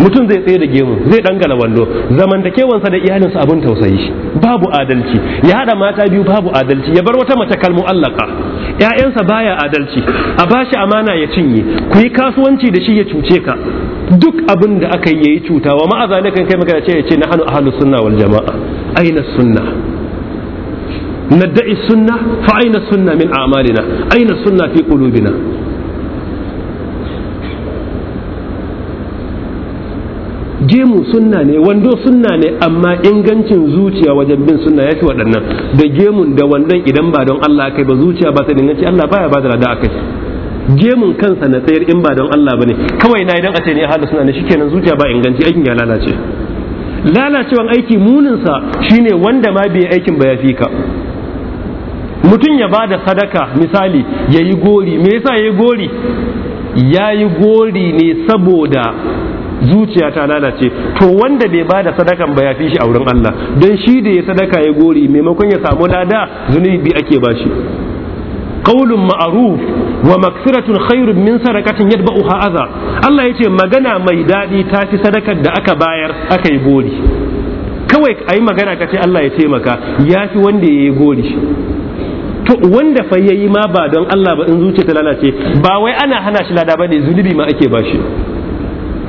mutum zai tsaye da gemu zai ɗangala wando zamantakewansa da iyalinsa abin tausayi babu adalci ya hada mata biyu babu adalci ya bar wata mace kalmu allaka ƴaƴansa baya adalci a bashi amana ya cinye ku yi kasuwanci da shi ya cuce ka duk abin da aka yi yayi cuta wa ma'aza kan kai magana ce ya ce na hanu ahlus sunna wal jama'a aina sunna nadda'i sunna fa aina sunna min a'malina aina sunna fi qulubina gemu sunna ne wando sunna ne amma ingancin zuciya wajen bin sunna ya fi waɗannan da gemun da wandon idan ba don Allah kai ba zuciya ba ta inganci Allah baya ba da a akai gemun kansa na tsayar in ba don Allah bane kawai na idan a ce ne hada sunna ne shikenan zuciya ba inganci aikin ya lalace lalacewan aiki muninsa shine wanda ma bai aikin ba ya fi ka mutum ya bada sadaka misali ya yi gori me yasa ya yi gori ya yi gori ne saboda zuciya ta lalace to wanda bai bada sadakan ba ya fi shi a wurin Allah don shi da ya sadaka ya gori maimakon ya samu lada zunubi ake bashi qaulun ma'ruf wa maksiratun khairun min sadaqatin yadba'uha adha Allah yace magana mai dadi ta fi sadakar da aka bayar aka yi gori kawai ayi magana ce Allah ya taimaka ya fi wanda ya yi gori to wanda fa yayi ma ba don Allah ba in zuciya ta lalace ba wai ana hana shi lada ne zunubi ma ake bashi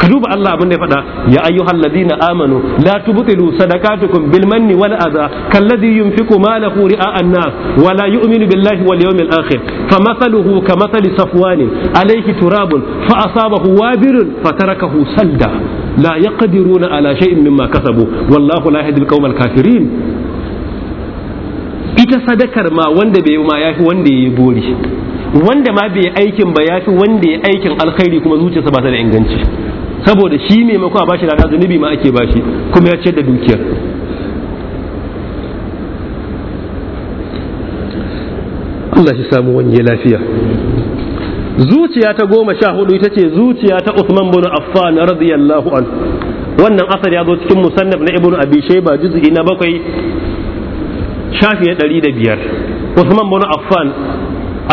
ka duba Allah abin da ya faɗa ya ayyuhal ladina amanu la tubtilu sadaqatukum bil manni wal adha kal ladhi yunfiqu malahu ri'a an-nas wa la yu'minu billahi wal yawmil akhir famathaluhu kamathali safwanin alayhi turabun fa asabahu wabirun fatarakahu salda la yaqdiruna ala shay'in mimma kasabu wallahu la yahdi al kafirin ita sadakar ma wanda bai ma fi wanda yayi bori wanda ma bai aikin ba fi wanda ya aikin alkhairi kuma zuciyarsa ba ta da inganci saboda shi mako a bashi lada zunubi ma ake bashi kuma ya ciyar da dukiyar Allah shi samu wani lafiya zuciya ta goma sha hudu ita ce zuciya ta Usman bin Affan radiyallahu an wannan asar ya zo cikin musannaf na Ibnu Abi Shayba juz'i na bakwai shafi ya ɗari da biyar Usman bin Affan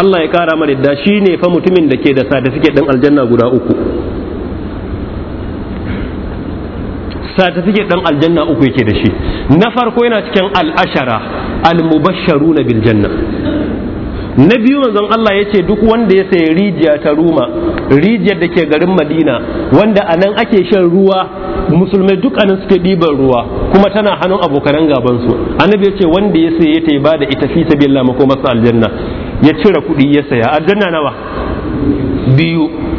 Allah ya kara mana da shi ne fa mutumin da ke da sa da suke dan aljanna guda uku Sata take dan aljanna uku yake da shi na farko yana cikin al'ashara al-mubashsharu na biljanna na biyu manzon Allah ya ce duk wanda ya sayi rijiya ta ruma rijiyar da ke garin madina wanda a nan ake shan ruwa musulmai duk anan suke ɗiban ruwa kuma tana hannun abokanan gabansu annabi ya ce wanda ya sayi ta ba da ita fi sabilillah mako aljanna ya cire kuɗi ya saya aljanna nawa biyu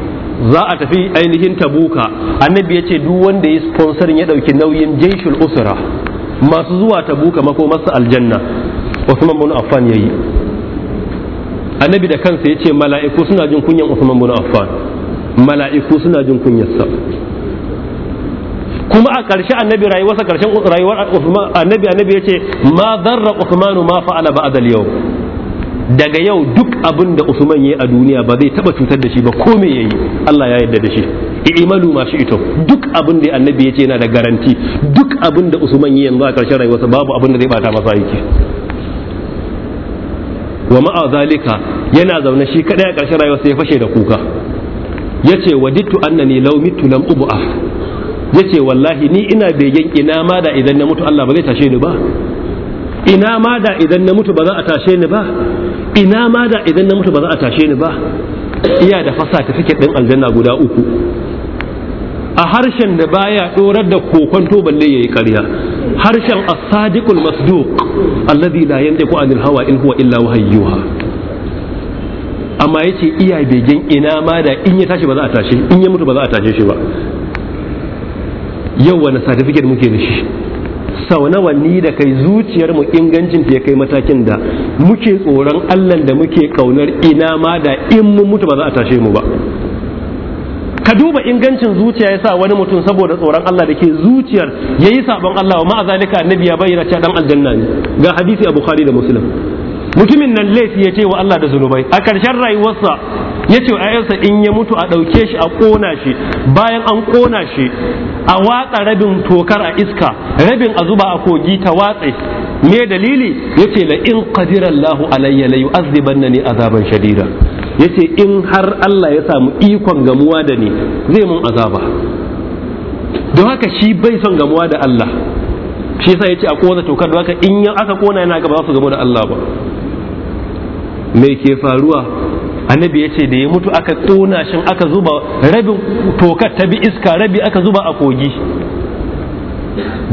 za a tafi ainihin tabuka annabi ya ce duk wanda ya sponsorin ya ɗauki nauyin jaishul usra masu zuwa tabuka makomarsa aljanna usman bin affan yayi annabi da kansa ya ce mala'iku suna jin kunyan usman bin affan mala'iku suna jin kunyarsa kuma a ƙarshe annabi rayuwarsa ƙarshen rayuwar annabi annabi ya ce ma zarra usmanu ma fa'ala ba'da al-yawm daga yau duk abin da Usman yayi a duniya ba zai taba cutar da shi ba ko me yayi Allah ya yarda da shi i'malu ma ito duk abin da annabi yace yana da garanti duk abin da Usman yayi yanzu a karshen rayuwarsa babu abin da zai bata masa yake wa ma'a zalika yana zaune shi kadai a karshen rayuwarsa ya fashe da kuka yace wadittu annani law mitu lam ub'af yace wallahi ni ina begen ina ma da idan na mutu Allah ba zai tashe ni ba ina ma da idan na mutu ba za a tashe ni ba ina ma da idan na mutu ba za a tashe ni ba iya da fasa ta fike din aljanna guda uku a harshen da baya dorar da to balle yayi ƙarya harshen as-sadiqul masduq alladhi la yantiqu anil hawa in huwa illa wahayyuha amma yace iya begen ina ma da in ya tashi ba za a tashe in ya mutu ba za a tashe shi ba yau wani certificate muke da shi sau nawa ni da kai zuciyar mu ingancin ta kai matakin da muke tsoron Allah da muke kaunar ina ma da in mun mutu ba za a tashe mu ba ka duba ingancin zuciya yasa wani mutum saboda tsoron Allah da ke zuciyar yayi sabon Allah wa ma'azalika annabi ya bayyana cewa dan aljanna ne ga hadisi a Bukhari da Muslim mutumin nan laifi ya ce wa Allah da zunubai a ƙarshen rayuwarsa ya ce ayyarsa in ya mutu a ɗauke shi a ƙona shi bayan an ƙona shi a watsa rabin tokar a iska rabin a zuba a kogi ta watse me dalili ya ce la in qadira Allahu alayya la yu'adhibannani azaban shadida yace in har Allah ya samu ikon gamuwa da ni zai mun azaba don haka shi bai son gamuwa da Allah shi yasa ce a ƙona tokar don haka in aka ƙona yana gaba za su gamu da Allah ba me ke faruwa annabi ya ce da ya mutu aka tona shi aka zuba rabin tokar ta bi iska rabi aka zuba a kogi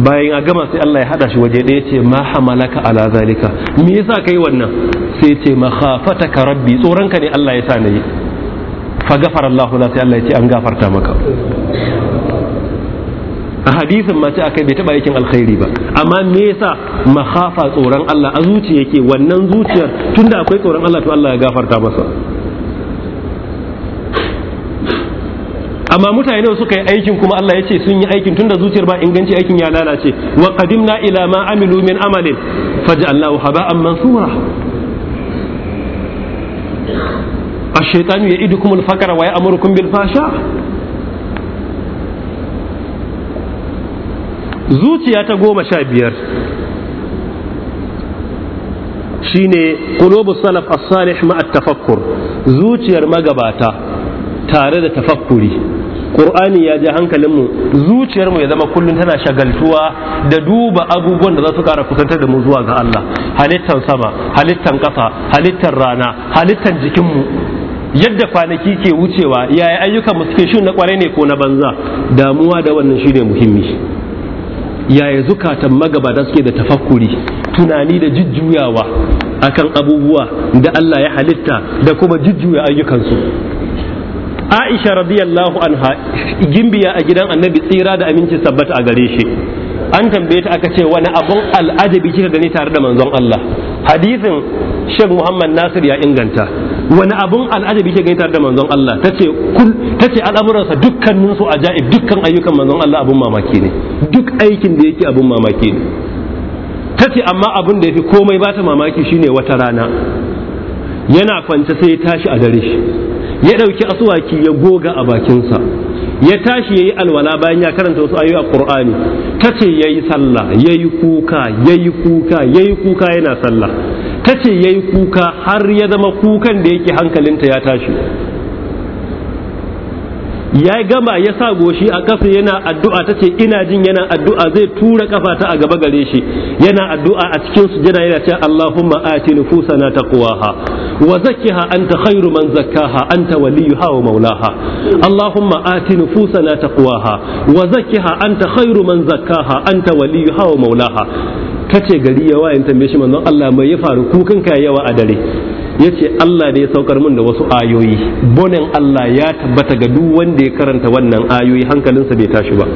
bayan a gama sai Allah ya hada shi waje ya ce ma hamalaka ala zalika me yasa kai wannan sai ce makhafataka rabbi tsoronka ne Allah ya sa na yi fa gafara Allah la sai Allah ya ce an gafarta maka a hadisin mace akai bai taba yakin alkhairi ba amma me yasa makhafa tsoron Allah a zuciya yake wannan zuciyar tunda akwai tsoron Allah to Allah ya gafarta masa amma mutane da suka yi aikin kuma Allah ya ce sun yi aikin tunda zuciyar ba inganci aikin ya lalace wa qadimna ila ma amilu min amalin faj'alnahu haba'an mansura الشيطان wa ya'murukum bil fasha zuciya ta goma sha biyar shine qulubu salaf as-salih ma tafakkur zuciyar magabata tare da tafakkuri qur'ani ya ja hankalinmu zuciyarmu ya zama kullum tana shagaltuwa da duba abubuwan da za su kara kusantar da mu zuwa ga Allah halittar sama halittar ƙasa halittar rana halittar jikinmu yadda kwanaki ke wucewa yaya ayyukan mu suke shin na ƙwarai ne ko na banza damuwa da wannan shine muhimmi yaya zukatan magabata suke da tafakkuri tunani da jujjuyawa akan abubuwa da Allah ya halitta da kuma jujjuya ayyukansu aisha radiyallahu anha gimbiya a gidan annabi tsira da aminci sabbata a gare shi an tambaye ta aka ce wani abun al'ajabi kika gani tare da manzon Allah hadisin Sheikh Muhammad Nasir ya inganta wani abun al'ajabi kika gani tare da manzon Allah tace kul tace al'amuransa dukkanin su ajaib dukkan ayyukan manzon Allah abun mamaki ne duk aikin da yake abun mamaki ne tace amma abun da yafi komai bata mamaki shine wata rana yana kwance sai ya tashi a dare shi ya ɗauki asuwaki ya goga a bakinsa ya tashi ya yi alwala bayan ya karanta wasu ayoyi a ƙur'ani ta ce ya yi sallah ya yi kuka ya yi kuka ya yi kuka yana sallah ta ce ya yi kuka har ya zama kukan da yake hankalinta ya tashi ya gama ya sa goshi a kasa yana addu'a ta ce ina jin yana addu'a zai tura kafa ta a gaba gare shi yana addu'a a cikin sujada yana ce Allahumma ati nufusana taqwaha wa zakkiha anta khairu man zakkaha anta waliyuha wa maulaha Allahumma ati nufusana taqwaha wa zakkiha anta khairu man zakkaha anta waliyuha wa maulaha kace gari yawa ma tambaye shi manzon Allah mai ya faru kukan ka yawa a dare ya ce Allah ne ya saukar min da wasu ayoyi bonin Allah ya tabbata ga duk wanda ya karanta wannan ayoyi hankalinsa bai tashi ba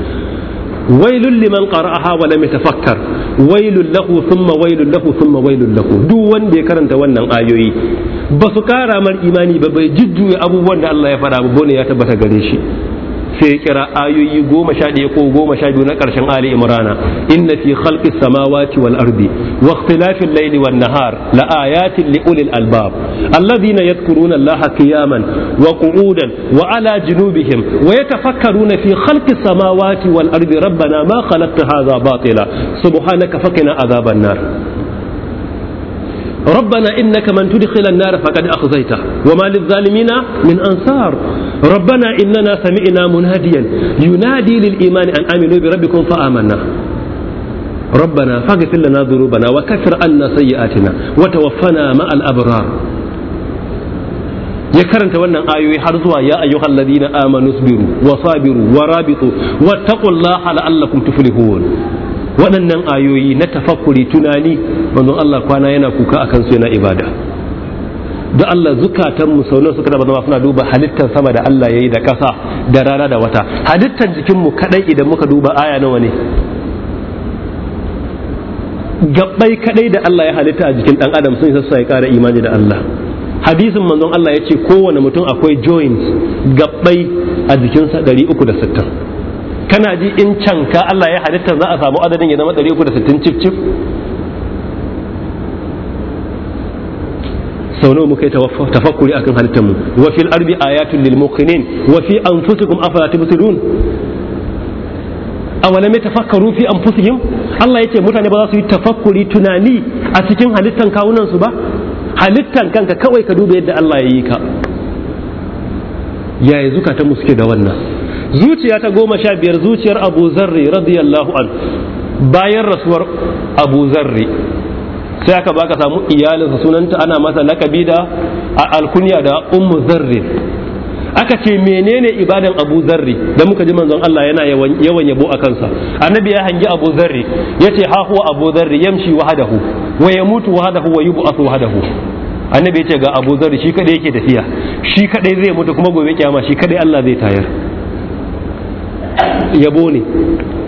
wailul liman qara'aha wa lam yatafakkar wailul lahu thumma wailul lahu thumma wailul lahu duk wanda ya karanta wannan ayoyi ba su kara mar imani ba bai jujjuya abubuwan da Allah ya fara ba bone ya tabbata gare shi sai kira ayoyi goma sha ɗaya ko goma sha biyu na ƙarshen Ali Imrana inna fi khalqi samawati wal ardi wa ikhtilafil layli wan nahar la ayatin li ulil albab alladhina yadhkuruna Allaha qiyaman wa qu'udan wa ala junubihim wa yatafakkaruna fi khalqi samawati wal ardi rabbana ma khalaqta hadha batila subhanaka faqina adhaban nar ربنا إنك من تدخل النار فقد أخزيته وما للظالمين من أنصار ربنا إننا سمعنا مناديا ينادي للإيمان أن آمنوا بربكم فآمنا ربنا فاغفر لنا ذنوبنا وكفر عنا سيئاتنا وتوفنا مع الأبرار ya karanta wannan ayoyi har zuwa ya ayyuhal ladina amanu sabiru wa sabiru wa rabitu wattaqullaha la'allakum tuflihun waɗannan ayoyi na tafakuri tunani manzon Allah kwana yana kuka a kansu yana ibada da Allah zukatan mu sau suka da zama suna duba halittar sama da Allah ya yi da ƙasa da rana da wata halittar jikinmu kaɗai idan muka duba aya nawa ne gabbai kaɗai da Allah ya halitta a jikin ɗan adam sun yi sassa ya ƙara imani da Allah hadisin manzon Allah ya ce kowane mutum akwai joints gabbai a jikinsa uku da sittin. kana ji in can ka Allah ya halitta za a samu adadin ya zama 360 cif cif sau nawa muka yi tafakkuri akan halittar mu wa fil ardi ayatul lil muqinin wa fi anfusikum afala tubsirun lam yatafakkaru fi anfusihim Allah yace mutane ba za su yi tafakkuri tunani a cikin halittan kawunan su ba halittan kanka kawai ka duba yadda Allah ya yi ka yaya zukatan mu suke da wannan zuciya ta goma sha biyar zuciyar abu zarri radiyallahu an bayan rasuwar abu zarri sai aka baka samu iyalinsa sunanta ana masa lakabi da alkunya da ummu zarri aka ce menene ibadan abu zarri da muka ji manzon Allah yana yawan yabo a kansa annabi ya hangi abu zarri ya ce ha abu zarri yamshi wahadahu wa mutu wahadahu wa yub'athu wahadahu annabi ya ce ga abu zarri shi kadai yake tafiya shi kadai zai mutu kuma gobe kiyama shi kadai Allah zai tayar yabo ne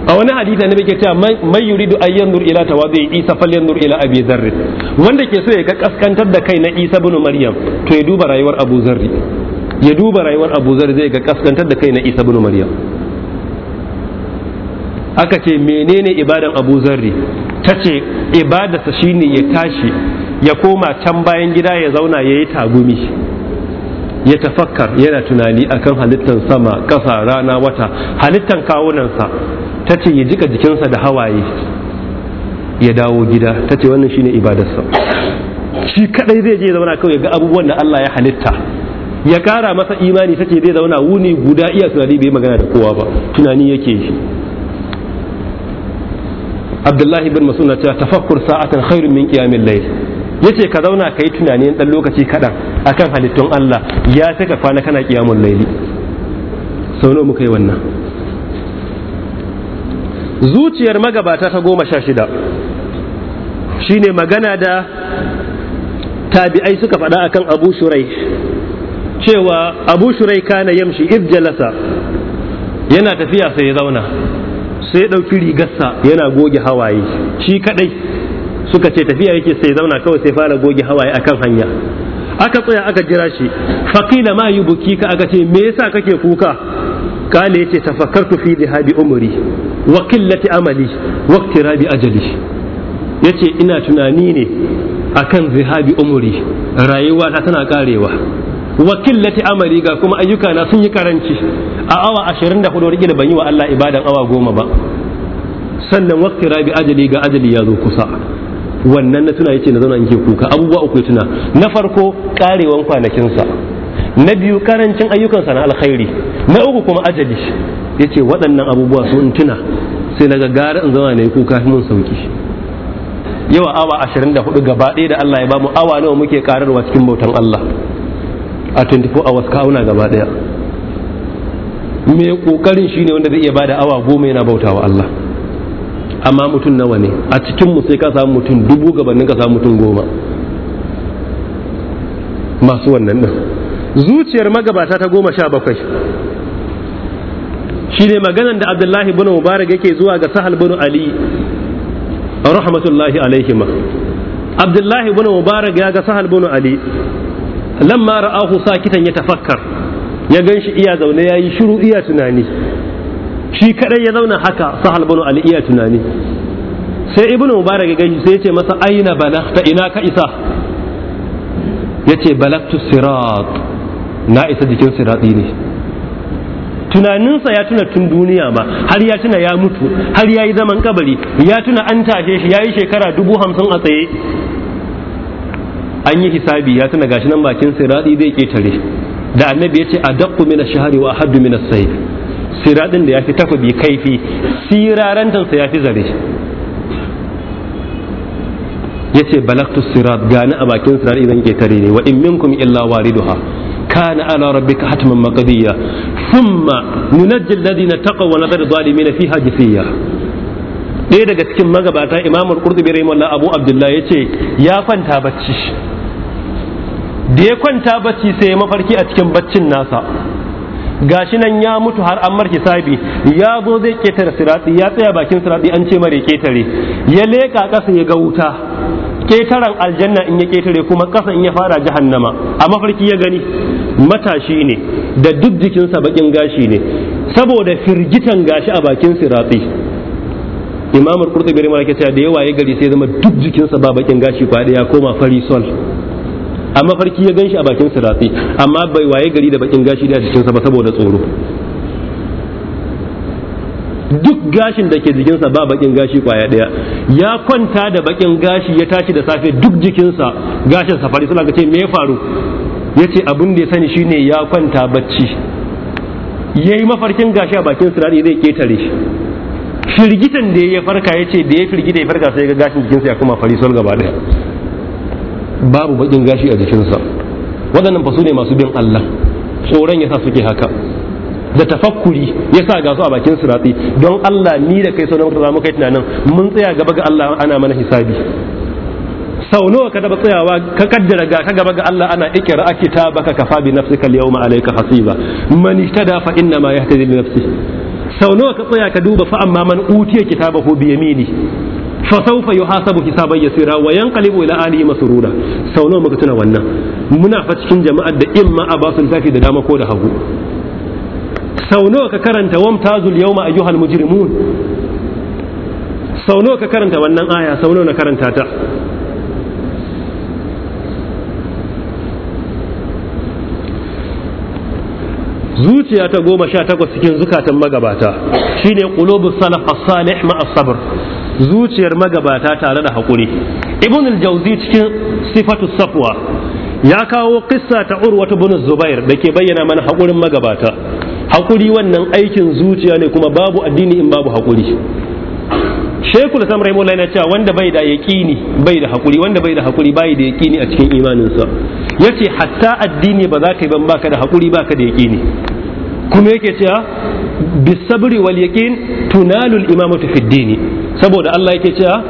a wani hadisi ne ke cewa mai yuridu ayyan nur ila tawazi isa falyan nur ila abi zarri wanda ke so ya ga kaskantar da kai na isa bin maryam to ya duba rayuwar abu zarri ya duba rayuwar abu zarri zai ga kaskantar da kai na isa bin maryam aka ce menene ibadan abu zarri ta ce ibadarsa shine ya tashi ya koma can bayan gida ya zauna ya yi tagumi ya tafakkar yana tunani akan halittan sama ƙasa rana wata halittan kawunansa ta ce ya jika jikinsa da hawaye ya dawo gida ta ce wannan shine ibadarsa shi kadai zai je zauna kawai ga abubuwan da Allah ya halitta ya kara masa imani ta ce zai zauna wuni guda iya tunani bai magana da kowa ba tunani yake shi abdullahi bin masuna ta tafakkur sa'atan khairun min qiyamil layl Ya ce ka zauna ka yi tunani ɗan lokaci kaɗan akan halittun Allah ya saka ka kwana kana kiyamun laili sau nawa muka yi wannan zuciyar magabata ta goma sha shida shine magana da tabi'ai suka faɗa akan abu shurai cewa abu shurai kana yamshi if jalasa yana tafiya sai ya zauna sai ya ɗauki rigarsa yana goge hawaye shi kaɗai suka ce tafiya yake sai zauna kawai sai fara goge hawaye akan hanya aka tsaya aka jira shi faqila ma yubuki ka aka ce me yasa kake kuka kale yace tafakkartu fi dhahabi umri wa qillati amali wa iktirabi ajali yace ina tunani ne akan zihabi umri rayuwa ta tana karewa wa qillati amali ga kuma ayyuka na sun yi karanci a awa 24 rike da ban yi wa Allah ibadan awa goma ba sannan waqti rabi ajali ga ajali ya zo kusa wannan na tuna yake na zauna yake kuka abubuwa uku tuna na farko karewan kwanakinsa na biyu karancin ayyukansa na alkhairi na uku kuma ajali yace waɗannan abubuwa su in tuna sai na gara in zauna nayi kuka mun sauki yawa awa 24 gaba ɗaya da Allah ya bamu awa nawa muke kararwa cikin bautan Allah a 24 hours kauna gaba ɗaya mai kokarin shine wanda zai iya bada awa goma yana bautawa Allah amma mutum nawa ne a cikin mu sai ka samu mutum dubu gabanin ka samu mutum goma masu wannan din zuciyar magabata ta goma sha bakwai shi ne maganan da abdullahi bin mubarak yake zuwa ga sahal bin ali rahmatullahi ma abdullahi bin mubarak ya ga sahal bin ali lamma ra'ahu sakitan ya tafakkar ya gan shi iya zaune ya yi shiru iya tunani shi kadai ya zauna haka sahal bin ali iya tunani sai ibn mubarak ya gaji sai ya ce masa aina balaghta ina ka isa ya ce balagtu sirat na isa jikin sirati ne tunaninsa ya tuna tun duniya ba har ya tuna ya mutu har ya yi zaman kabari ya tuna an tashe shi ya yi shekara dubu hamsin a tsaye an yi hisabi ya tuna gashi nan bakin sirati zai ketare da annabi ya ce a daƙu mina shahari wa haddu mina sayf siradin da ya fi takobi kaifi sirarantansa ya fi zare ya ce balaktu sirat gani a bakin sirar idan ke tare ne wa in minkum illa waliduha kana ala rabbika hatman maqdiya thumma nunajjil ladina taqaw wa nadhar zalimin fiha jithiya ɗaya daga cikin magabata imamu qurtubi rahimahullah abu abdullah yace ya kwanta bacci da ya kwanta bacci sai mafarki a cikin baccin nasa gashi nan ya mutu har an marke sabi ya zo zai ketare sirati ya tsaya bakin sirati an ce mare ketare ya leka ƙasa ya ga wuta ketaren aljanna in ya ketare kuma kasa in ya fara jahannama a mafarki ya gani matashi ne da duk jikinsa bakin gashi ne saboda firgitan gashi a bakin sirati imamul qurtubi rahimahullah ke cewa da yawa ya gari sai zama duk jikinsa ba bakin gashi kwa ya koma farisol a mafarki ya gan shi a bakin siratsi amma bai waye gari da bakin gashi da jikinsa ba saboda tsoro duk gashin da ke jikinsa ba bakin gashi kwaya daya ya kwanta da bakin gashi ya tashi da safe duk jikinsa gashin safari suna ce me ya faru ya ce abin da ya sani shine ya kwanta bacci ya yi mafarkin gashi a bakin sirari zai ketare shi firgitan da ya farka ya ce da ya firgita ya farka sai ga gashin jikinsa ya kuma farisol gaba daya babu baƙin gashi a jikinsa waɗannan fa su ne masu bin Allah tsoron yasa suke haka da tafakkuri ya sa gasu a bakin su ratsi don Allah ni da kai sauran kuma kai tunanin mun tsaya gaba ga Allah ana mana hisabi sau nawa ka taba tsayawa ka kaddara ga ka gaba ga Allah ana ikira baka kafa bi nafsika al-yawma alayka hasiba man ihtada fa inna ma yahtadi li nafsihi sau nawa ka tsaya ka duba fa amma man utiya kitabahu bi yamini fa sawfa yuhasabu hisaban yasira wa yanqalibu ila alihi masrura sau nawa muka tuna wannan muna fa cikin jama'ar da imma a basu littafi da dama ko da hagu sau nawa ka karanta wamtazul yawma ayyuhal mujrimun sau nawa ka karanta wannan aya sau nawa na karanta ta zuciya ta goma sha takwas cikin zukatan magabata shine qulubus salaf as-salih ma as-sabr zuciyar magabata tare da hakuri. ibn al-jawzi cikin sifatu safwa ya kawo kissa ta urwa ibn zubair da ke bayyana mana haƙurin magabata haƙuri wannan aikin zuciya ne kuma babu addini in babu haƙuri shekul sam rahimullah yana cewa wanda bai da yaqini bai da haƙuri wanda bai da haƙuri bai da yaqini a cikin imaninsa yace hatta addini ba za ka yi ban baka da haƙuri baka da yaqini kuma yake cewa bisabri wal yaqin tunalul imamatu fid din saboda Allah yake cewa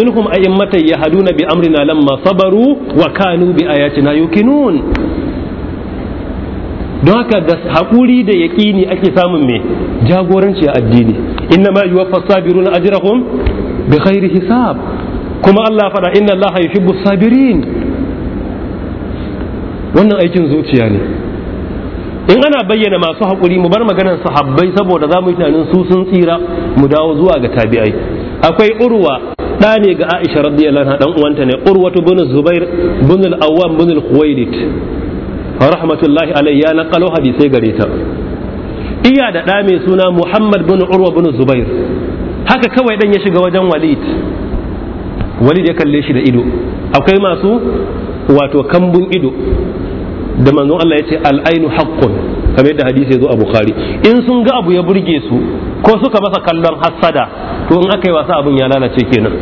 minhum yahduna bi amrina lamma sabaru wa kanu bi ayatina yuqinun don haka da haƙuri da yaƙini ake samun mai jagoranci a addini inna ma yuwa sabirun ajrahum bi khairi hisab kuma Allah fada inna Allah yuhibbu sabirin wannan aikin zuciya ne in ana bayyana masu haƙuri mu bar maganar sahabbai saboda za mu yi tunanin su sun tsira mu dawo zuwa ga tabi'ai akwai urwa ɗa ne ga aisha radiyallahu anha dan uwanta ne urwatu bin zubair bin al-awwam bin al-khuwailid rahmatullahi alayhi ya naqalo hadisi gare ta iya da ɗa mai suna muhammad bin urwa bin zubair haka kawai dan ya shiga wajen walid walid ya kalle shi da ido akwai masu wato kambun ido da manzon Allah ya ce al'ainu haqqun kamar yadda hadisi ya zo a bukhari in sun ga abu ya burge su ko suka masa kallon hassada to in aka yi wasa abun ya lalace kenan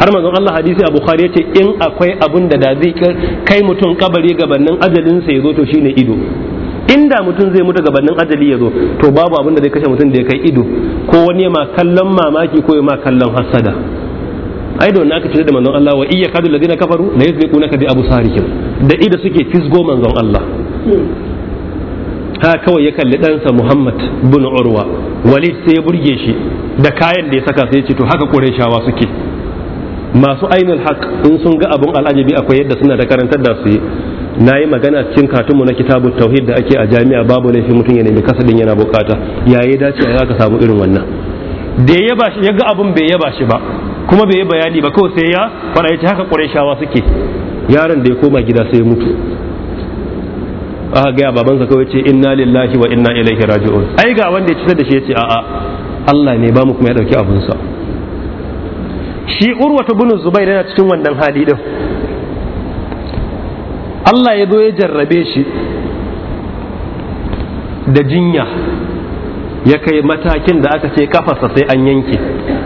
har manzon Allah hadisi a bukhari ya ce in akwai abun da da zai kai mutum kabari gabanin ajalinsa ya zo to shine ido inda mutum zai mutu gabanin ajali ya zo to babu abun da zai kashe mutum da ya kai ido ko wani ya ma kallon mamaki ko ya ma kallon hassada ai da wannan aka cire da manzon Allah wa iya kadu ladina kafaru la yasbiquna ka bi absarihim da ida suke fisgo manzon Allah ha kawai ya kalli ɗansa Muhammad bin Urwa Walid sai ya burge shi da kayan da ya saka sai ya ce to haka Qurayshawa suke masu ainul haq in sun ga abun al'ajabi akwai yadda suna da karantar da su na yi magana cikin katunmu na kitabun tauhid da ake a jami'a babu laifin mutum ya nemi kasadin yana bukata ya yi dace ya ka samu irin wannan da ya ba shi ya ga abun bai yaba shi ba kuma bai yi bayani ba kawai sai ya fara yace haka qurayshawa suke yaron da ya koma gida sai ya mutu aka gaya babansa kawai ce inna lillahi wa inna ilaihi raji'un ai ga wanda ya ci da shi yace a'a Allah ne ba mu kuma ya dauki abun sa shi ta bunu zubair yana cikin wannan hali din Allah ya zo ya jarrabe shi da jinya ya kai matakin da aka ce kafarsa sai an yanke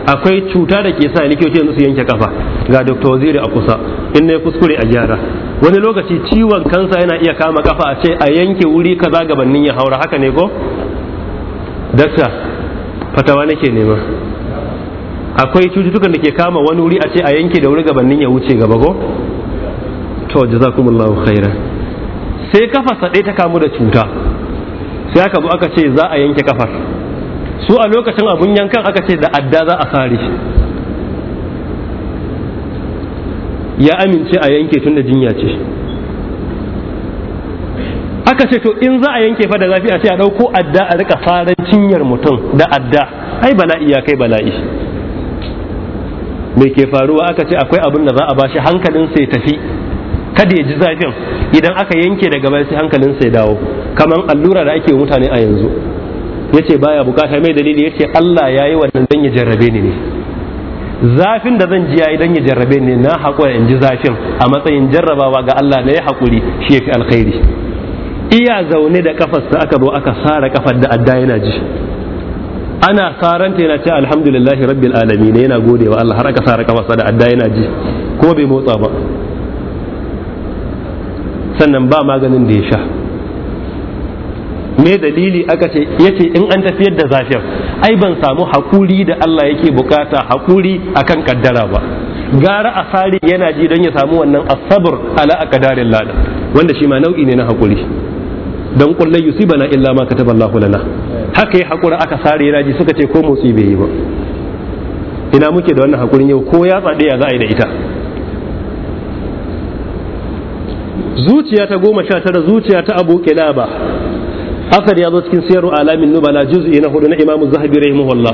akwai cuta da ke sa likitoci yanzu su yanke kafa ga dr waziri a kusa in ne kuskure a gyara wani lokaci ciwon kansa yana iya kama kafa a ce a yanke wuri kaza gabanin ya haura haka ne ko dakta fatawa nake nema akwai cututtukan da ke kama wani wuri a ce a yanke da wuri gabanin ya wuce gaba ko to jazakumullahu khaira sai kafa ɗaya ta kamu da cuta sai aka zo aka ce za a yanke kafar su a lokacin abun yankan aka ce da adda za a fari ya amince a yanke tun da jinya ce aka ce to in za a yanke fa da zafi a ce a ɗauko adda a rika faran cinyar mutum da adda ai bala'i ya kai bala'i mai ke faruwa aka ce akwai abin da za a bashi hankalin sai tafi kada ya ji zafin idan aka yanke daga baya sai hankalin sai dawo kamar allura da ake mutane a yanzu yace baya bukata mai dalili yace Allah ya yayi wannan dan ya jarrabe ni ne zafin da zan ji yayi dan ya jarrabe ni na hakura in ji zafin a matsayin jarrabawa ga Allah na ya hakuri shi yafi alkhairi iya zaune da da aka zo aka sara kafar da adda yana ji ana saranta yana ce alhamdulillahi rabbil alamin yana gode wa Allah har aka sara kafarsa da adda yana ji kuma bai motsa ba sannan ba maganin da ya sha me dalili aka ce yace in an tafiyar da zafin ai ban samu hakuri da Allah yake bukata hakuri akan kaddara ba gara asari yana ji don ya samu wannan asabar ala akadarin lada wanda shi ma nau'i ne na hakuri don kullai yusibana illa ma kataballahu lana haka yi hakura aka sare yana ji suka ce ko motsi bai yi ba ina muke da wannan hakurin yau ko ya tsade ya za a yi da ita zuciya ta goma sha tara zuciya ta abu kilaba asar ya zo cikin sayar alamin nubala juz'i na hudu na imamu zahabi rahimahullah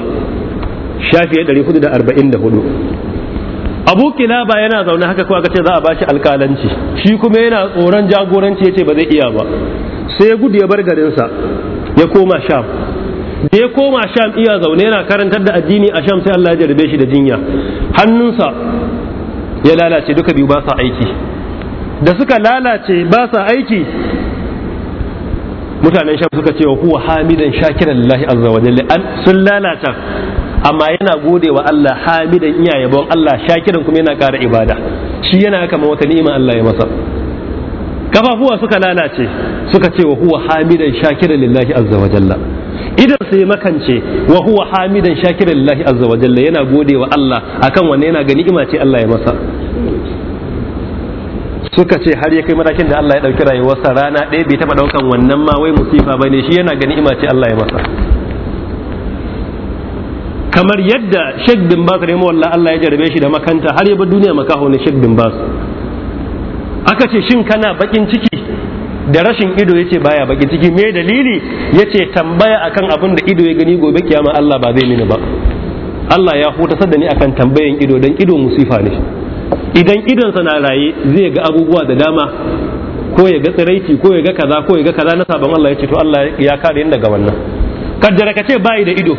shafi ya 444 abu kilaba yana zaune haka kuwa ka ce za a bashi alkalanci shi kuma yana tsoron jagoranci ya ce ba zai iya ba sai ya gudu ya bar garinsa ya koma sham da ya koma sham iya zaune yana karantar da addini a sham sai Allah ya jarbe shi da jinya hannunsa ya lalace duka biyu ba sa aiki da suka lalace ba sa aiki mutanen sham suka ce wa huwa hamidan shakiran lillahi azza wa jalla an sun lalata amma yana gode wa Allah hamidan iya yabon Allah shakiran kuma yana ƙara ibada shi yana kama wata ni'ima Allah ya masa kafafuwa suka lalace suka ce wa huwa hamidan shakiran lillahi azza wa jalla idan sai makance wa huwa hamidan shakiran lillahi azza wa jalla yana gode wa Allah akan wanne yana ga ni'ima ce Allah ya masa suka ce har ya kai matakin da Allah ya ɗauki rayuwarsa rana ɗaya bai taɓa ɗaukan wannan ma wai musifa ba ne shi yana gani ima ce Allah ya masa kamar yadda Sheikh bin basu ne mawalla Allah ya jarabe shi da makanta har ya bar duniya makaho ne Sheikh bin basu aka ce shin kana bakin ciki da rashin ido ya ce baya bakin ciki me dalili ya ce tambaya akan abin da ido ya gani gobe kiyama Allah ba zai mini ba Allah ya hutasar da ni akan tambayan ido dan ido musifa ne idan idonsa na raye zai ga abubuwa da dama ko ya ga tsiraici ko ya ga kaza ko ya ga kaza na sabon Allah ya ce to Allah ya kare yin daga wannan kaddara ka ce bai da ido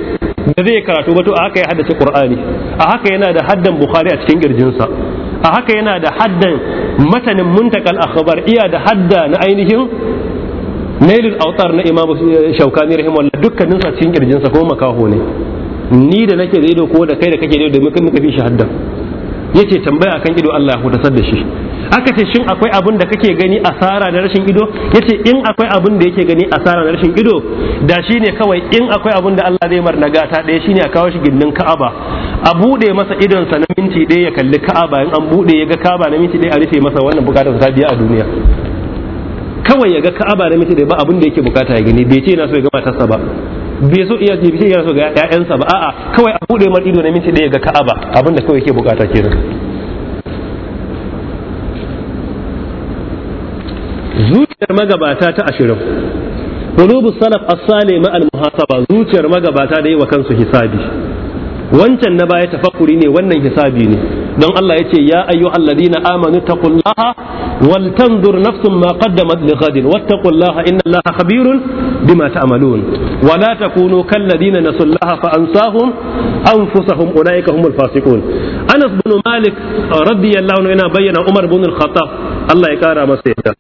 da zai karatu ba to a haka ya haddace Qur'ani a haka yana da haddan Bukhari a cikin girjinsa a haka yana da haddan matanin muntakal akhbar iya da hadda na ainihin nailul autar na imamu shaukani rahimahullah dukkanin sa cikin kirjinsa ko makaho ne ni da nake da ido ko da kai da kake da ido domin muka fi shi haddan ya yace tambaya akan ido Allah ya hutasar da shi aka ce shin akwai abin da kake gani asara da rashin ido yace in akwai abin da yake gani asara da rashin ido da shine kawai in akwai abin da Allah zai marna gata ɗaya shine a kawo shi gindin Ka'aba a bude masa idon sa na minti ɗaya ya kalli Ka'aba in an bude ya ga Ka'aba na minti ɗaya a rufe masa wannan bukatar ta biya a duniya kawai ya ga Ka'aba na minti ɗaya ba abin da yake bukata ya gani bai ce na so ya gama matarsa ba bai so iya bai ya so ga ƴaƴansa ba a'a kawai a bude mar ido na minti daya ga Ka'aba abinda kawai yake bukata kenan zuciyar magabata ta ashirin qulubus salaf as salima ma al-muhasaba zuciyar magabata da yawa kansu hisabi wancan na baya tafakkuri ne wannan hisabi ne don Allah ya ce ya ayyu alladina amanu taqullaha wal tanzur nafsun ma qaddamat li ghadin wattaqullaha inna allaha khabirun bima ta'malun wala takunu kal ladina nasullaha fa ansahum anfusahum ulaika humul fasiqun Anas bin Malik radiyallahu anhu yana bayyana Umar bin al-Khattab Allah ya kara masa yadda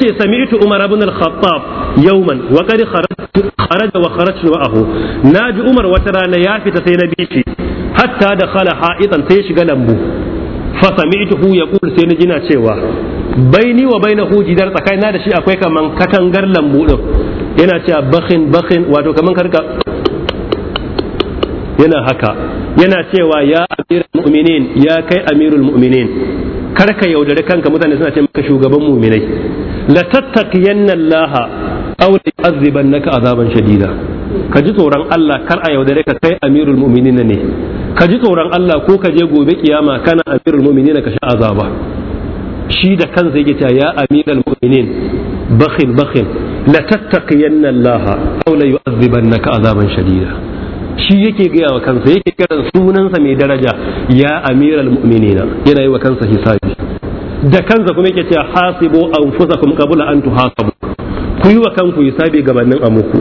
ce sami'tu Umar bin al-Khattab yawman wa qad kharaja wa kharajtu ma'ahu naji Umar wata rana ya fita sai na bi shi hatta da khala ha'itan sai shiga lambu fa ya kula sai na jina cewa baini wa bainahu jidar tsakanina da shi akwai kaman katangar lambu din yana cewa bakin bakin wato kaman karka yana haka yana cewa ya amirul mu'minin ya kai amirul mu'minin karka yaudare kanka mutane suna ce maka shugaban mu'minai la tattaqiyanna Allah aw la yu'adhibannaka azaban shadida ka ji tsoron Allah kar a yaudare ka kai amirul mu'minin ne ka ji tsoron Allah ko ka je gobe kiyama kana amirul mu'minin ka sha azaba shi da kansa yake cewa ya amirul mu'minin bakhin bakhin la tattaqiyanna Allah aw na yu'adhibannaka azaban shi yake gaya wa kansa yake kiran sunansa mai daraja ya amiral mu'minina yana yi wa kansa hisabi da kansa kuma yake cewa hasibu anfusakum qabla an tuhasabu ku yi wa kanku hisabi gabanin amuku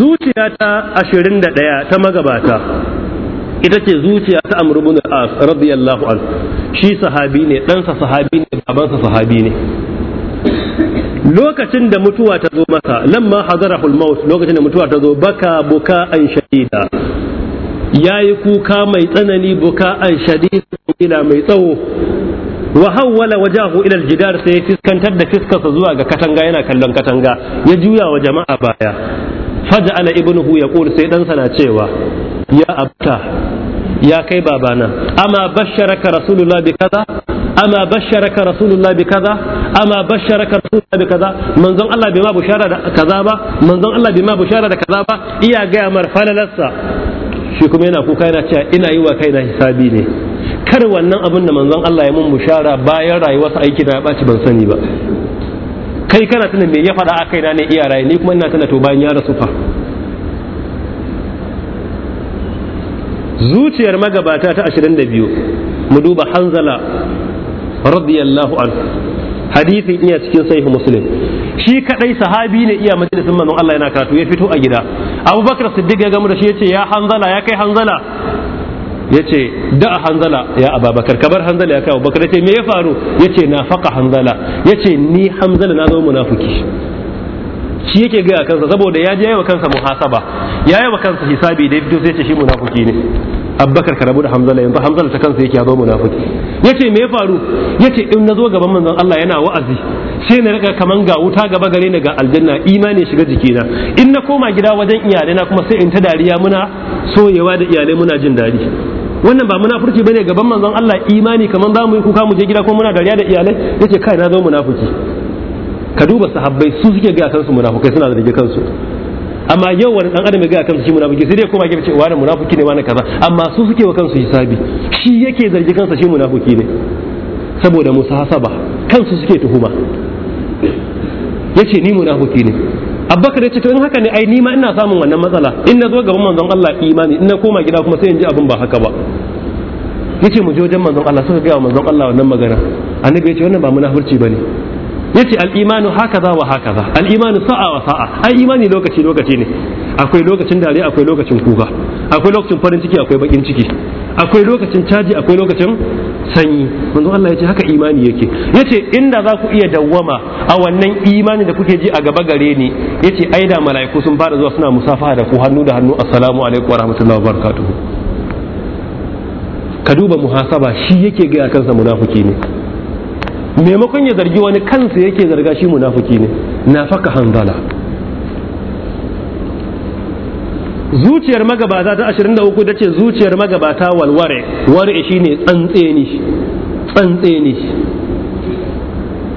zuciya ta 21 ta magabata ita ce zuciya ta amr ibn as radiyallahu anhu shi sahabi ne ɗansa sahabi ne babansa sahabi ne lokacin da mutuwa ta zo masa nan ma hazara maut lokacin da mutuwa ta zo baka buka an shadida yi kuka mai tsanani buka an shadida ila mai tsawo wa hawwala wajahu ila aljidar sai ya fiskantar da fiskarsa zuwa ga katanga yana kallon katanga ya juya wa jama'a baya faja'ala ibnuhu yaqul sai dan sana cewa ya abta ya kai babana amma basharaka rasulullah bi kaza ama basharaka rasulullah bi kaza ama basharaka rasulullah bi kaza manzon Allah bai ma bushara da kaza ba manzon Allah bai ma bushara da kaza ba iya ga mar falalarsa shi kuma yana kuka yana cewa ina yi wa kaina hisabi ne kar wannan abin da manzon Allah ya mun bushara bayan rayuwar rayuwarsa aiki na ya ɓaci ban sani ba kai kana tuna me ya faɗa a kaina ne iya raye ni kuma ina tuna to bayan ya rasu fa zuciyar magabata ta 22 mu duba hanzala radiyallahu an hadisin iya cikin sahih muslim shi kadai sahabi ne iya majalisin manzon Allah yana karatu ya fito a gida abubakar siddiq ya gamu da shi yace ya hanzala ya kai hanzala yace da hanzala ya ababakar kabar hanzala ya kai abubakar yace me ya faru yace na faqa hanzala yace ni hanzala na zama munafiki shi yake gaya kansa saboda ya je wa kansa muhasaba ya yi wa kansa hisabi da ya fito sai ce shi munafiki ne abubakar ka rabu da hanzala yanzu hanzala ta kansa yake ya zo munafiki yace me ya faru yace in nazo gaban manzon Allah yana wa'azi sai na rika kaman ga wuta gaba gare ni ga aljanna imani shiga jikina in na koma gida wajen iyalai na kuma sai in ta dariya muna soyewa da iyalai muna jin dadi wannan ba munafurci bane gaban manzon Allah imani kaman za mu yi kuka mu je gida ko muna dariya da iyalai yace kai na zo munafiki ka duba sahabbai su suke ga kansu munafukai suna da kansu amma yau wani dan adam ya ga kansa shi munafiki sai dai koma gefe ce wani munafiki ne wani kaza amma su suke wa kansu hisabi shi yake zargi kansa shi munafiki ne saboda hasaba kansu suke tuhuma yace ni munafiki ne abbakar ya ce to in haka ne ai ni ma ina samun wannan matsala in na zo gaban manzon Allah imani in na koma gida kuma sai in ji abin ba haka ba yace mu je wajen manzon Allah suka ga manzon Allah wannan magana annabi yace ce wannan ba munafurci bane yace al-imanu hakaza wa hakaza al-imanu sa'a wa sa'a ai imani lokaci lokaci ne akwai lokacin dariya akwai lokacin kuka akwai lokacin farin ciki akwai bakin ciki akwai lokacin caji akwai lokacin sanyi manzo Allah yace haka imani yake yace inda za ku iya dawwama a wannan imani da kuke ji a gaba gare ni yace ai da mala'iku sun fara zuwa suna musafaha da ku hannu da hannu assalamu alaikum wa rahmatullahi wa barakatuhu. ka duba muhasaba shi yake ga kansa munafiki ne maimakon ya zargi wani kansa yake zarga shi munafiki ne faka hanzala zuciyar magabata ta 23 da ce zuciyar magabata walware ware shi ne tsantseni tsantseni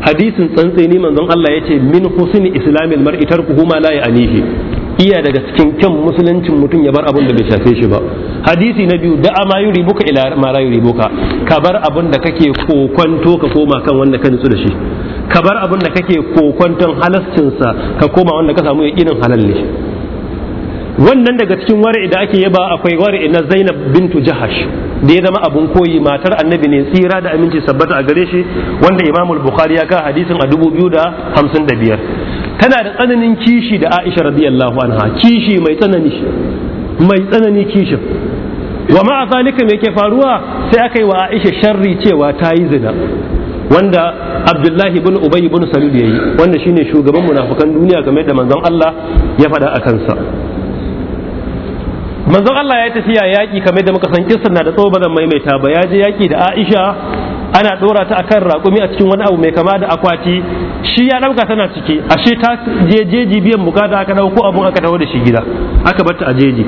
hadisin tsantseni manzon Allah ya ce min husni islamil mar'i tarkuhu ma la ya'nihi iya daga cikin kyan musuluncin mutum ya bar abin da bai shafe shi ba hadisi na biyu da ma yuri buka ila ma ra yuri buka ka bar abin da kake kokwanto ka koma kan wanda ka nutsu da shi ka bar abin da kake kokwanton halascinsa ka koma wanda ka samu yaƙinin halal ne wannan daga cikin wari'i da ake yaba akwai wari'i na Zainab bintu Jahash da ya zama abun koyi matar annabi ne tsira da aminci sabbata a gare shi wanda Imam Bukhari ya ka hadisin a 2055 tana da tsananin kishi da Aisha radiyallahu anha kishi mai tsanani mai tsanani kishin wa a zalika me ke faruwa sai aka yi wa Aisha sharri cewa ta yi zina wanda Abdullahi ibn Ubay ibn ya yi. wanda shine shugaban munafukan duniya game da manzon Allah ya faɗa a kansa manzon Allah ya tafiya yaƙi kame da muka san kissa na da tsoba da maimaita ba ya je yaƙi da Aisha ana dora ta akan raƙumi a cikin wani abu mai kama da akwati shi ya ɗauka tana ciki ashe ta je jeji biyan bukata aka dauko abun aka dawo da shi gida aka bar ta a jeji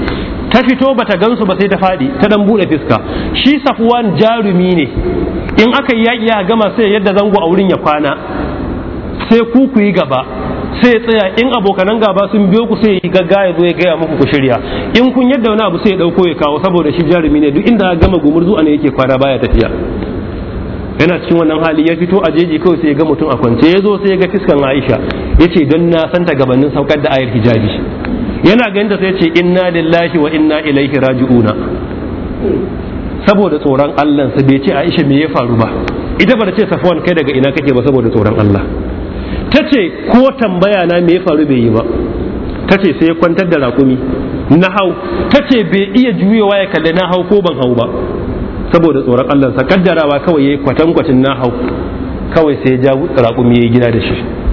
ta fito bata gansu ba sai ta faɗi ta dan buɗe fiska shi safwan jarumi ne in aka yi yaki ya gama sai yadda zango a wurin ya kwana sai ku ku yi gaba sai tsaya in abokanan gaba sun biyo ku sai yi gagga ya zo ya gaya muku ku shirya in kun yadda wani abu sai ya dauko ya kawo saboda shi jarumi ne duk inda gama zuwa ne yake kwana baya tafiya yana cikin wannan hali ya fito a jeji kawai sai ya ga mutum a kwance ya zo sai ya ga fiskan Aisha yace don na santa gabanin saukar da ayar hijabi yana ganin ta sai ce inna lillahi wa inna ilaihi raji'una saboda tsoron Allah sa bai ce Aisha me ya faru ba ita ba ta ce Safwan kai daga ina kake ba saboda tsoron Allah ta ce ko tambaya na me ya faru bai yi ba ta ce sai ya kwantar da rakumi na hau ta ce bai iya juyewa ya kalli na hau ko ban hau ba saboda tsoron Allah sa kaddarawa kawai yayi kwatankwacin na hau kawai sai ya ja rakumi yayi gida da shi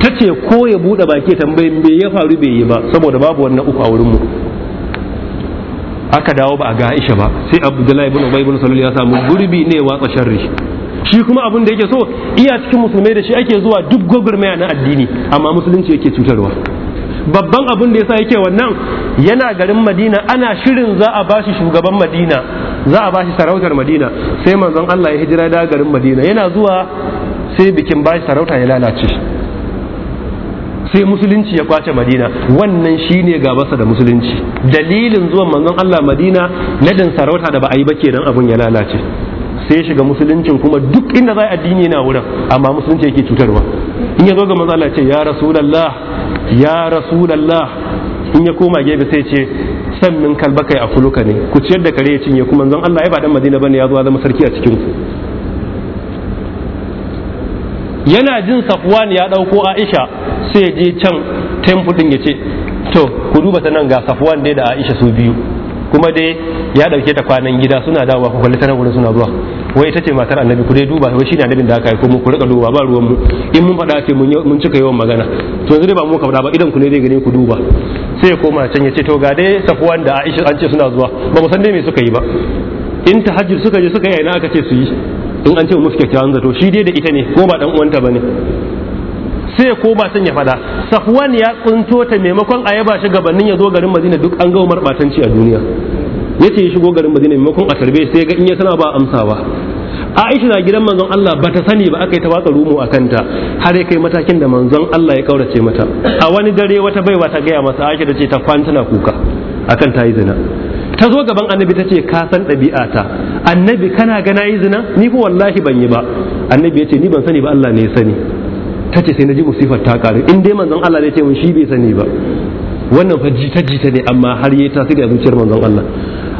ta ce ko ya buɗe baki tambayi me ya faru bai yi ba saboda babu wannan uku a wurinmu aka dawo ba a ga Aisha ba sai Abdullahi ibn Ubay ibn Salul ya samu gurbi ne watsa sharri shi kuma abin da yake so iya cikin musulmai da shi ake zuwa duk gwagwarmaya na addini amma musulunci yake cutarwa babban abin da yasa yake wannan yana garin madina ana shirin za a bashi shugaban madina za a bashi sarautar madina sai manzon Allah ya hijira da garin madina yana zuwa sai bikin bashi sarauta ya lalace sai musulunci ya kwace madina wannan shine gabasa da musulunci dalilin zuwan manzon Allah madina na din sarauta da ba a yi ba kenan abun ya lalace sai shiga musuluncin kuma duk inda za addini yana wurin amma musulunci yake cutarwa in ya zo ga manzon Allah ya ce ya rasulullah ya rasulullah in ya koma gefe sai ce sannin kalba kai a ne ku ciyar da kare ya cinye kuma manzon Allah ya ba dan Madina bane ya zo zama sarki a cikin ku yana jin safwan ya dauko aisha sai ya je can temple din ya ce to ku duba ta nan ga safwan dai da aisha su biyu kuma dai ya dauke ta kwanan gida suna dawowa ku kalli nan gurin suna zuwa wai ita ce matar annabi ku dai duba wai shine annabin da aka yi mu ku rika duba ba ruwan mu in mun faɗa ce mun cika yawan magana to yanzu dai ba mu ka faɗa ba idan ku ne zai gane ku duba sai ya koma can ya ce to ga dai safwan da aisha an ce suna zuwa ba mu san dai me suka yi ba in tahajjud suka je suka yi ina aka ce su yi in an ce musu kyakkyawan zato shi dai da ita ne ko ba dan uwanta bane sai ko ba san ya fada safwan ya tsunto ta maimakon a yaba shi gabanin ya zo garin madina duk an ga umar batanci a duniya yace ya shigo garin madina maimakon a tarbe sai ga in ya sana ba amsawa Aisha na gidan manzon Allah ba ta sani ba aka yi ta watsa rumo a kanta har ya kai matakin da manzon Allah ya kaurace mata a wani dare wata baiwa ta gaya masa Aisha ta ce ta kwanta na kuka akan ta yi zina ta zo gaban annabi ta ce ka san ɗabi'ata annabi kana gana yi zina ni ko wallahi ban yi ba annabi ya ce ni ban sani ba Allah ne ya sani ta ce sai na ji musifar ta karu in dai manzon Allah ne ya ce mun shi bai sani ba wannan fa jita jita ne amma har yayi ta ga zuciyar manzon Allah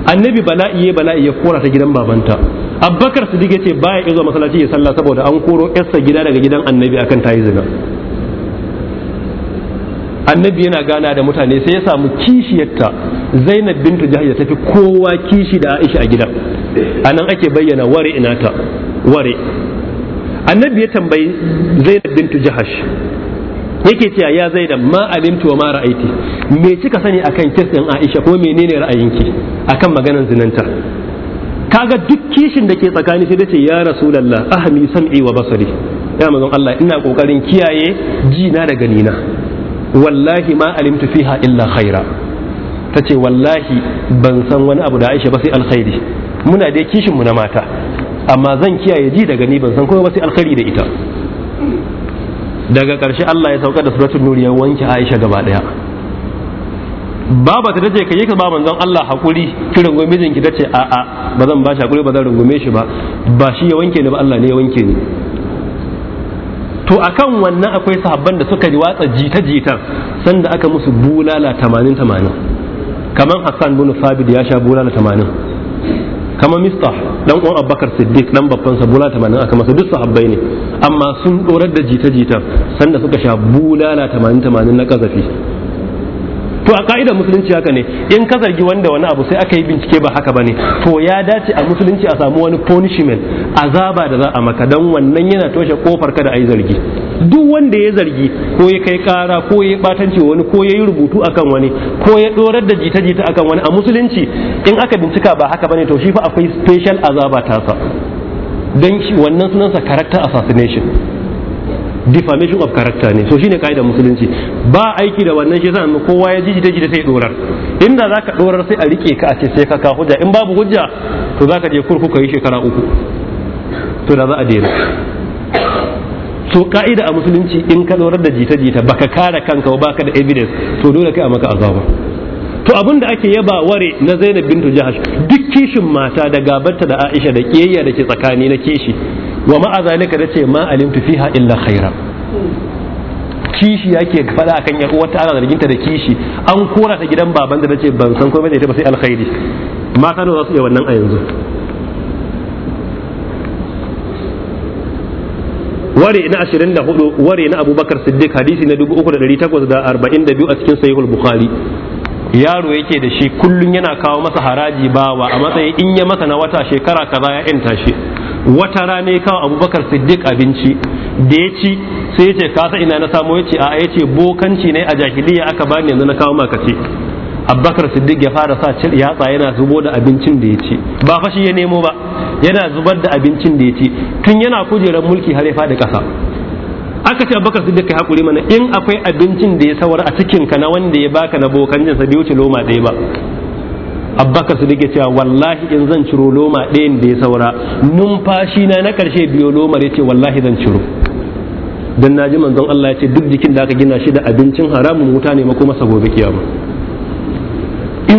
annabi bala'i ya bala'i ya kora ta gidan babanta abubakar su ya ce baya izo masallaci ya sallah saboda an koro yarsa gida daga gidan annabi akan ta yi zina annabi yana gana da mutane sai ya samu kishiyarta zainab bintu jahiya ta kowa kishi da aisha a gidan anan ake bayyana ware ina ta ware annabi ya tambayi zainab bintu jahash yake cewa ya zainab ma alimtu wa ma ra'aiti me kika sani akan kes din aisha ko menene ra'ayinki akan maganar zinanta kaga duk kishin da ke tsakani sai dace ya rasulullah ahmi sam'i wa basari ya manzon Allah ina kokarin kiyaye ji na da ganina wallahi ma alimtu fiha illa khaira ta ce wallahi ban san wani abu da aisha ba sai alkhairi muna dai kishinmu na mata amma zan kiyaye ji daga ni ban san kuma ba sai alkhairi da ita daga ƙarshe Allah ya sauka da suratul nur ya wanke Aisha gaba daya baba ta tace kai ka ba manzon Allah hakuri ki rungume mijinki tace a a ba zan ba shi hakuri ba zan rungume shi ba ba shi ya wanke ni ba Allah ne ya wanke ni to akan wannan akwai sahabban da suka ji watsa jita-jitan sanda aka musu bulala 80 80 kaman hassan bin sabit ya sha bulala tamanin kamar mista dan uwan abubakar siddiq dan babban sa bulala tamanin aka masa duk sahabbai ne amma sun dorar da jita-jita sanda suka sha bulala tamanin tamanin na kazafi to a ka'idar musulunci haka ne in ka zargi wanda wani abu sai aka yi bincike ba haka bane to ya dace a musulunci a samu wani punishment azaba da za a maka dan wannan yana toshe kofar ka da ayi zargi duk wanda ya zargi ko ya kai kara ko ya batanci wani ko ya yi rubutu akan wani ko ya dorar da jita-jita akan wani a musulunci in aka bincika ba haka bane to shi fa akwai special azaba tasa shi wannan sa character assassination defamation of character ne so shine kaidar musulunci ba aiki da wannan shi sai kowa ya jijita jita sai dorar inda zaka dorar sai a rike ka a ce sai ka ka hujja in babu hujja to zaka je kurkuka yi shekara uku to da za a daina So ka'ida a musulunci in ka tsorar da jita-jita baka kare kanka ba ka da evidence to dole kai a maka azaba to abin da ake yaba ware na Zainab bintu Jahash duk kishin mata da gabarta da Aisha da kiyayya da ke tsakani na kishi wa ma'a zalika da ce ma alimtu fiha illa khaira kishi yake faɗa akan yar wata ana zarginta da kishi an kora ta gidan baban da ce ban san komai da ita ba sai alkhairi mata ne za su iya wannan a yanzu ware na 24 ware na abubakar siddiq hadisi na 3842 a cikin sahihul bukhari yaro yake da shi kullun yana kawo masa haraji bawa a matsayin in ya masa na wata shekara kaza ya yanta shi wata rana ya kawo abubakar siddiq abinci da ya ci sai ya ce kasa ina na samu ya ce a ya ce bokanci ne a jahiliya aka bani yanzu na kawo maka ce abubakar siddiq ya fara sa yatsa yana zubo da abincin da ya ci ba fashi ya nemo ba yana zubar da abincin da ya ci tun yana kujerar mulki har ya faɗi ƙasa aka ce abubakar siddiq kai hakuri mana in akwai abincin da ya sawar a cikin ka na wanda ya baka na bokan jinsa bai wuce loma ɗaya ba abubakar siddiq ya ce wallahi in zan ciro loma ɗayan da ya saura numfashi na na ƙarshe biyo lomar ya ce wallahi zan ciro dan naji manzon Allah ya ce duk jikin da aka gina shi da abincin haramun wuta ne mako masa gobe kiyama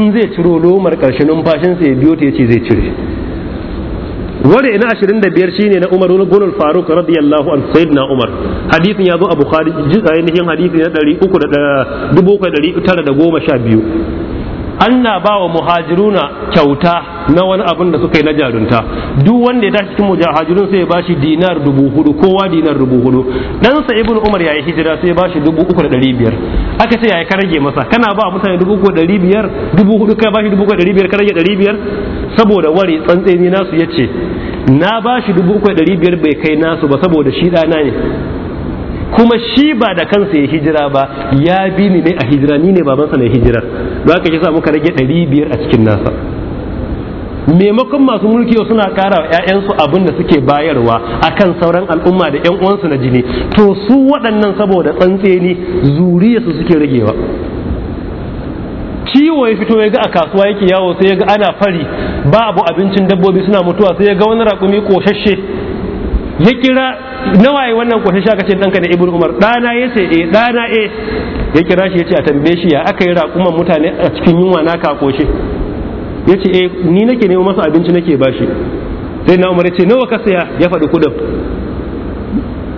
in zai ciro lomar karshen numfashinsa ya biyo ta ya ce zai cire wanda ina ashirin da biyar shine na umar al faruk radiyallahu an sayyidina na umar hadisin ya zo a bukhari ainihin hadisi na ɗari da dubu biyu na ba wa muhajiruna kyauta na wani abin da suka yi na jarunta duk wanda ya tashi cikin muhajirun sai ya bashi dinar dubu hudu kowa dinar dubu hudu dan sa ibnu umar yayi hijira sai ya bashi dubu uku da dari biyar aka ce yayi ka rage masa kana ba mutane dubu uku da dari biyar dubu hudu ka bashi dubu uku da dari biyar ka rage dari biyar saboda ware tsantseni nasu yace na bashi dubu uku da dari biyar bai kai nasu ba saboda shi dana ne kuma shi ba da kansa ya hijira ba ya bi ni ne a hijira ni ne babansa na hijira ba ka shi sa muka rage ɗari biyar a cikin nasa maimakon masu mulki suna kara wa 'ya'yansu abin da suke bayarwa akan sauran al'umma da 'yan uwansu na jini to su waɗannan saboda tsantseni zuriyarsu suke ragewa ciwo ya fito ya ga a kasuwa yake yawo sai ya ga ana fari ba abu abincin dabbobi suna mutuwa sai ya ga wani raƙumi ƙoshashe ya kira waye wannan kwashe shi aka danka da ibnu umar dana ya ce eh dana eh ya kira shi ya ce a tambaye shi ya aka yi raƙuman mutane a cikin yunwa na kakoshe ya ce eh ni nake nemo masa abinci nake bashi sai na umar ya ce nawa ka saya ya faɗi kuɗin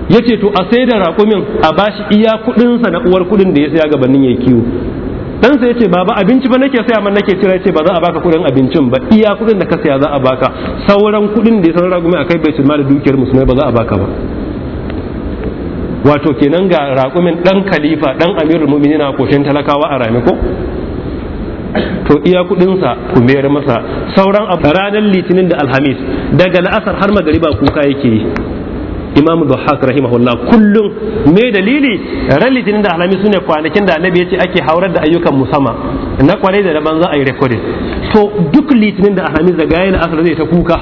ya ce to a sai da raƙumin a bashi iya kuɗinsa na uwar kuɗin da ya saya gabanin ya kiwo dan sai yace baba abinci ba nake saya man nake cira yace ba za a baka kudin abincin ba iya kudin da ka saya za a baka sauran kudin da ya sauran ragumi akai bai da dukiyar musulmai ba za a baka ba wato kenan ga raƙumin dan khalifa dan amirul mu'minina koshin talakawa a rami ko to iya kudinsa ku mayar masa sauran a ranar litinin da alhamis daga la'asar har magariba kuka yake yi imam al-bahak rahimahullah kullum me dalili ran litinin da alhamis sune kwanakin da annabi yace ake haurar da ayyukan musamman na kwarai da daban za a yi recording to duk litinin da alhamis da yana asar zai ta kuka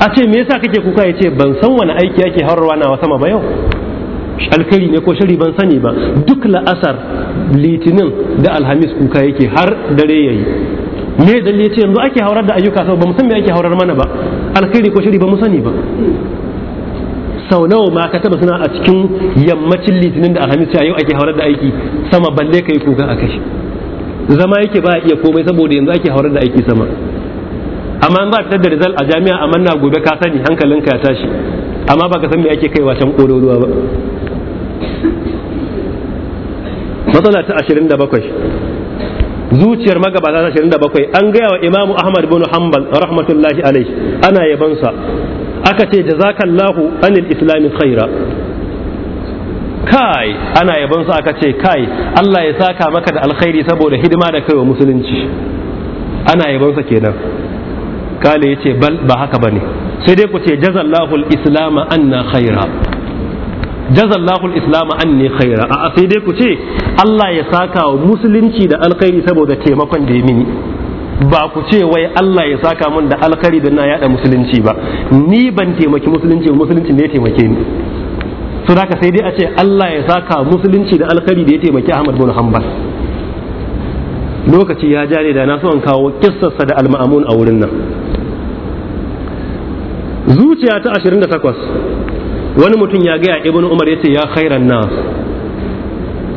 a ce me yasa kake kuka yace ban san wani aiki ake haurarwa na sama ba yau alkhairi ne ko shari ban sani ba duk la'asar litinin da alhamis kuka yake har dare yayi me dalili yace yanzu ake haurar da ayyuka saboda ba mu san me ake haurar mana ba alkhairi ko shari ba mu sani ba sau nawa ma ka taba suna a cikin yammacin litinin da alhamis a yau ake haurar da aiki sama balle kai kuka a kai zama yake ba iya komai saboda yanzu ake haurar da aiki sama amma an za a fitar da result a jami'a a manna gobe ka sani hankalinka ya tashi amma ba ka san me ake kaiwa can ƙororuwa ba matsala ta 27 zuciyar magabata ta 27 an gaya wa imamu ahmad bin hanbal rahmatullahi alaihi ana yabansa aka ce jazakallahu anil islami khaira kai ana yabon sa aka ce kai Allah ya saka maka da alkhairi saboda hidima da kai wa musulunci ana yabon sa kenan kale yace bal ba haka bane sai dai ku ce jazallahu al anna khaira jazallahu al anni khaira a sai dai ku ce Allah ya saka wa musulunci da alkhairi saboda taimakon da ya mini ba ku ce wai Allah ya saka min da alkhari da na yada musulunci ba ni ban taimaki musulunci ba musulunci ne ya taimake ni su da sai dai a ce Allah ya saka musulunci da alkhari da ya taimaki Ahmad bin Hanbal lokaci ya jare da na so an kawo kissarsa da al-ma'amun a wurin nan zuciya ta 28 wani mutum ya gaya ibn umar ya ce ya khairan nas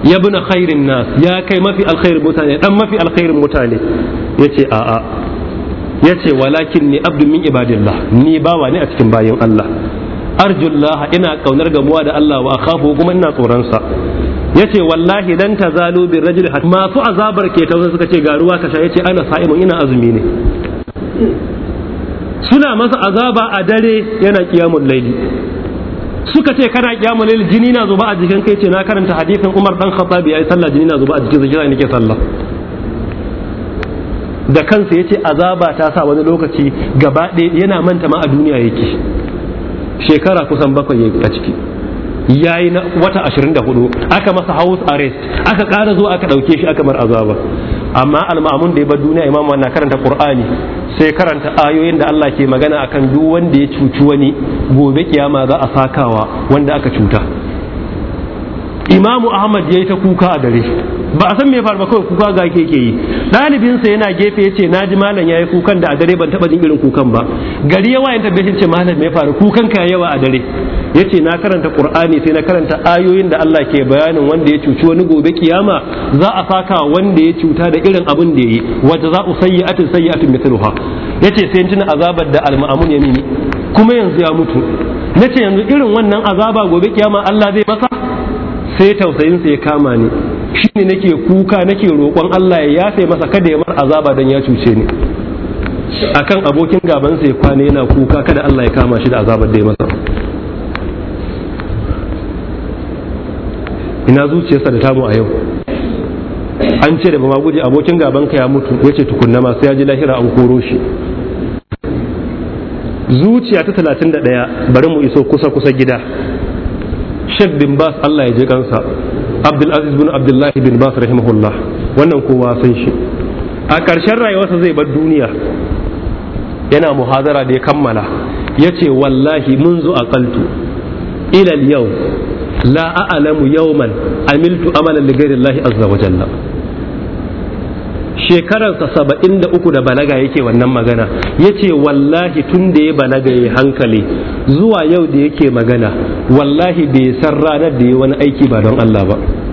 ya bin khairin nas ya kai mafi alkhairin mutane dan mafi alkhairin mutane ya ce a'a ya ce walakin ni abdu min ibadillah ni bawa ne a cikin bayan Allah arjullah ina kaunar gamuwa da Allah wa akhafu kuma ina tsoron sa yace wallahi dan tazalu bir rajul masu azabar ke tausa suka ce garuwa ka sha yace ana sa'imun ina azumi ne suna masa azaba a dare yana kiyamul laili suka ce kana kiyamul laili jini na zuba a jikin kai ce na karanta hadisin Umar dan ya yi sallah jini na zuba a jikin sa nake sallah da kansa ya yace azaba ta sa wani lokaci gaba ɗaya yana manta ma a duniya yake shekara kusan bakwai ya a ciki ya yi na wata 24 aka masa house arrest aka ƙara zuwa aka ɗauke shi aka mar azaba amma al'amun da ya bar duniya imam na karanta qur'ani sai karanta ayoyin da Allah ke magana akan duk wanda ya cuci wani gobe kiyama za a sakawa wanda aka cuta imamu ahmad ya yi ta kuka a dare ba a san me faru ba kawai kuka ga ke ke yi ɗalibin sa yana gefe yace na ji malam yayi kukan da a dare ban taba jin irin kukan ba gari yawa ya tabbace ce malam me faru kukan ka yawa a dare yace na karanta qur'ani sai na karanta ayoyin da Allah ke bayanin wanda ya cuci wani gobe kiyama za a saka wanda ya cuta da irin abin da yayi wata zau sayyi'atin sayyi'atin mithluha yace sai tuna azabar da al-ma'mun yamini kuma yanzu ya mutu nace yanzu irin wannan azaba gobe kiyama Allah zai masa sai tausayinsa ya kama ni ne nake kuka nake roƙon Allah ya yafe masa kada ya mar azaba dan ya cuce ni akan abokin gaban sai kwana yana kuka kada Allah ya kama shi da azabar da ya masa ina zuciyarsa da tamu a yau an ce da ba guje abokin gaban ka ya mutu wace tukunna ma sai ya ji lahira an koro shi zuciya ta 31 bari mu iso kusa kusa gida shaddin bin Bas Allah ya je kansa abdulaziz bin abdullahi bin bas rahimahullah wannan kowa san shi a ƙarshen rayuwarsa zai bar duniya yana muhazara da ya kammala ya ce wallahi mun zo aqaltu ilal yau la a'lamu yawman amiltu amalan li ghairi Allah azza wa jalla shekararsa saba'in da uku da balaga yake wannan magana ya ce wallahi tun da ya balaga ya hankali zuwa yau da yake magana wallahi bai san ranar da ya wani aiki ba don Allah ba